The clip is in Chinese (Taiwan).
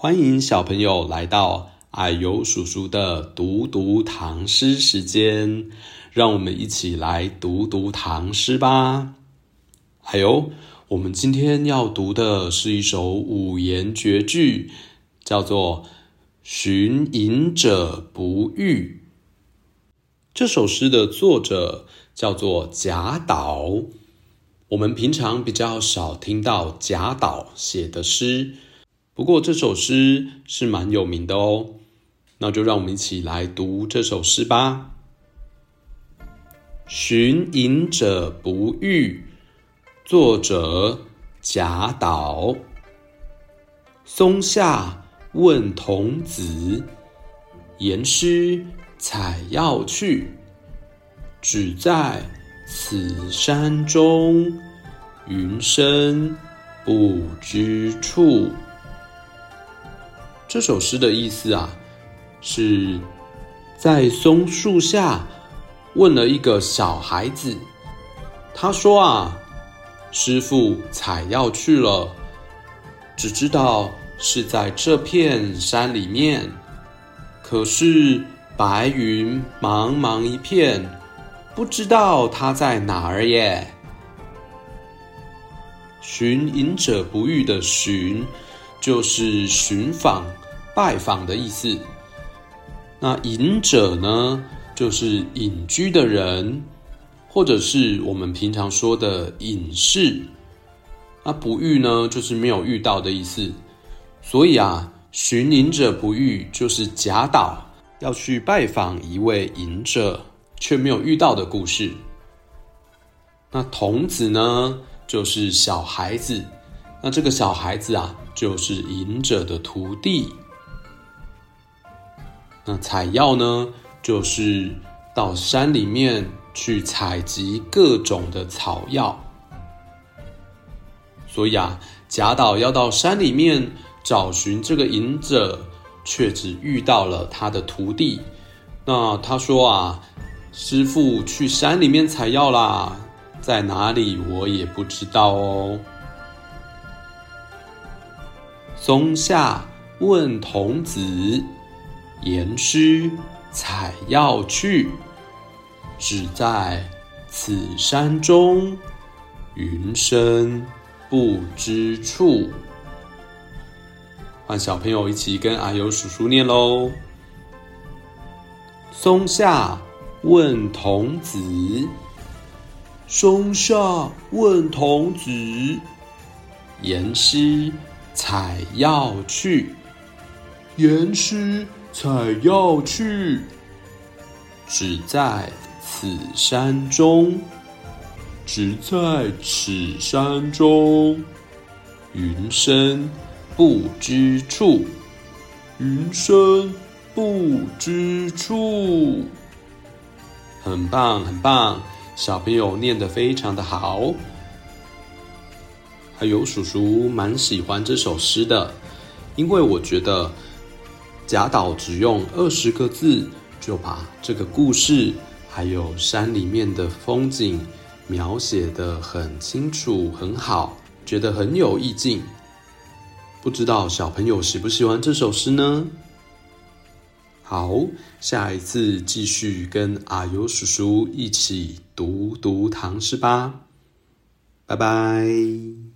歡迎小朋友來到啊呦叔叔的讀讀唐詩時間，讓我們一起來讀讀唐詩吧。啊呦，我們今天要讀的是一首五言絕句，叫做《尋隱者不遇》。這首詩的作者叫做賈島，我們平常比較少聽到賈島寫的詩。不過這首詩是蠻有名的哦，那就讓我們一起來讀這首詩吧。《尋隱者不遇》作者賈島。松下問童子，言師採藥去，只在此山中，雲深不知處。這首詩的意思啊，是在松樹下問了一個小孩子，他說：“啊，師父採藥去了，只知道是在這片山裡面，可是白雲茫茫一片，不知道他在哪兒耶。”尋隱者不遇的尋。就是尋訪、拜訪的意思。那隱者呢，就是隱居的人，或者是我們平常說的隱士。那不遇呢，就是沒有遇到的意思。所以啊，尋隱者不遇，就是賈島要去拜訪一位隱者，卻沒有遇到的故事。那童子呢，就是小孩子。那這個小孩子啊，就是隱者的徒弟。那採藥呢，就是到山裡面去採集各種的草藥。所以啊，賈島要到山裡面找尋這個隱者，卻只遇到了他的徒弟。那他說啊：“師父去山裡面採藥啦，在哪裡我也不知道哦。”松下問童子，言師採藥去，只在此山中，雲深不知處。歡迎小朋友一起跟啊呦叔叔念嘍。松下問童子，松下問童子，言師。採藥去，言師採藥去，只在此山中，只在此山中，雲深不知處，雲深不知處。很棒，很棒，小朋友念得非常的好。啊呦叔叔蠻喜歡這首詩的，因為我覺得賈島只用二十個字就把這個故事還有山裡面的風景描寫得很清楚、很好，覺得很有意境。不知道小朋友喜不喜歡這首詩呢？好，下一次繼續跟啊呦叔叔一起讀讀唐詩吧。拜拜。